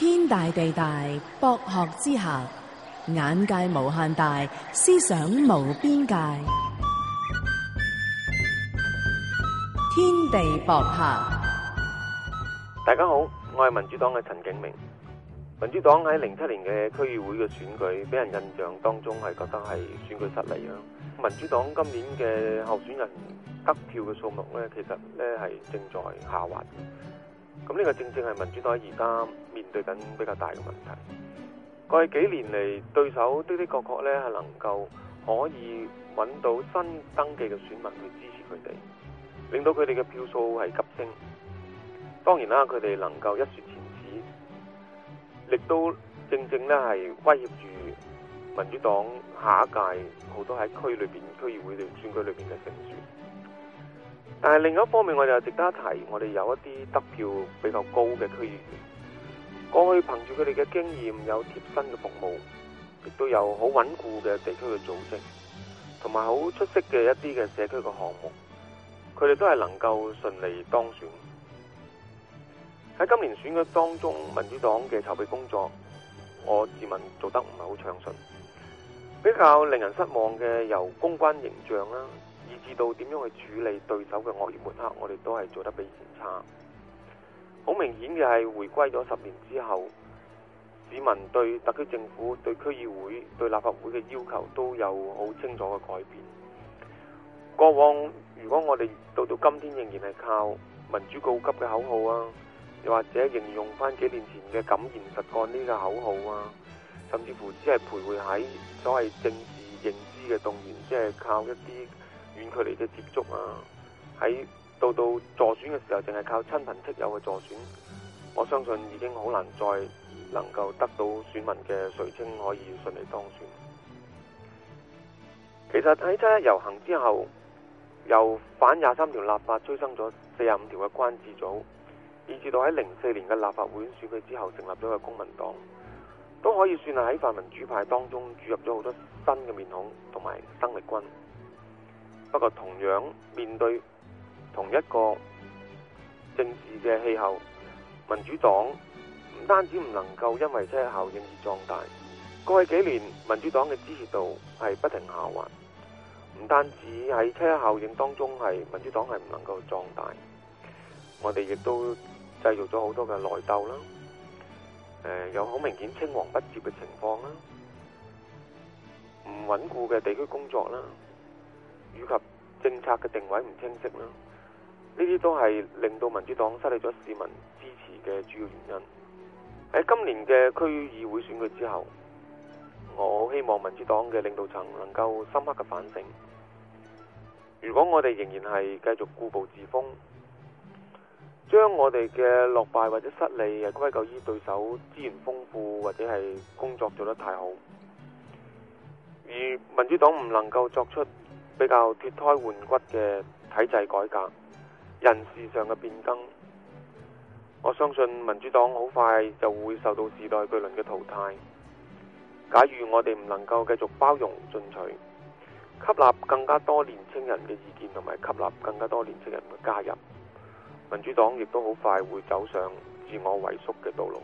天大地大，博學之下，眼界無限大，思想無邊界。天地博客，大家好，我係民主黨嘅陳竟明。民主黨喺零七年嘅區議會嘅選舉，俾人印象當中係覺得係選舉失利咯。民主黨今年嘅候選人得票嘅數目咧，其實咧係正在下滑。咁呢個正正係民主黨而家面對緊比較大嘅問題。過去幾年嚟，對手的的確確咧，係能夠可以揾到新登記嘅選民去支持佢哋，令到佢哋嘅票數係急升。當然啦，佢哋能夠一雪前恥，亦都正正咧係威脅住民主黨下一屆好多喺區裏邊、區議會裏、選區裏邊嘅勝算。但係另一方面，我哋又值得一提，我哋有一啲得票比較高嘅區議員，過去憑住佢哋嘅經驗，有貼身嘅服務，亦都有好穩固嘅地區嘅組織，同埋好出色嘅一啲嘅社區嘅項目，佢哋都係能夠順利當選。喺今年選舉當中，民主黨嘅籌備工作，我自問做得唔係好暢順，比較令人失望嘅由公關形象啦。以至到點樣去處理對手嘅惡意抹黑，我哋都係做得比以前差。好明顯嘅係回歸咗十年之後，市民對特區政府、對區議會、對立法會嘅要求都有好清楚嘅改變。過往如果我哋到到今天仍然係靠民主告急嘅口號啊，又或者仍然用翻幾年前嘅敢言實幹呢個口號啊，甚至乎只係徘徊喺所謂政治認知嘅動員，即係靠一啲。遠距離嘅接觸啊，喺到到助選嘅時候，淨係靠親朋戚友嘅助選，我相信已經好難再能夠得到選民嘅垂青，可以順利當選。其實喺七一遊行之後，由反廿三條立法催生咗四十五條嘅關注組，以至到喺零四年嘅立法會選舉之後，成立咗個公民黨，都可以算係喺泛民主派當中注入咗好多新嘅面孔同埋生力軍。不過同樣面對同一個政治嘅氣候，民主黨唔單止唔能夠因為車效應而壯大，過去幾年民主黨嘅支持度係不停下滑。唔單止喺車效應當中係民主黨係唔能夠壯大，我哋亦都製造咗好多嘅內鬥啦，誒、呃、有好明顯青黃不接嘅情況啦，唔穩固嘅地區工作啦。以及政策嘅定位唔清晰啦，呢啲都係令到民主黨失去咗市民支持嘅主要原因。喺今年嘅區議會選舉之後，我希望民主黨嘅領導層能夠深刻嘅反省。如果我哋仍然係繼續固步自封，將我哋嘅落敗或者失利係歸咎於對手資源豐富或者係工作做得太好，而民主黨唔能夠作出比較脫胎換骨嘅體制改革、人事上嘅變更，我相信民主黨好快就會受到時代巨輪嘅淘汰。假如我哋唔能夠繼續包容進取，吸納更加多年青人嘅意見，同埋吸納更加多年青人嘅加入，民主黨亦都好快會走上自我萎縮嘅道路。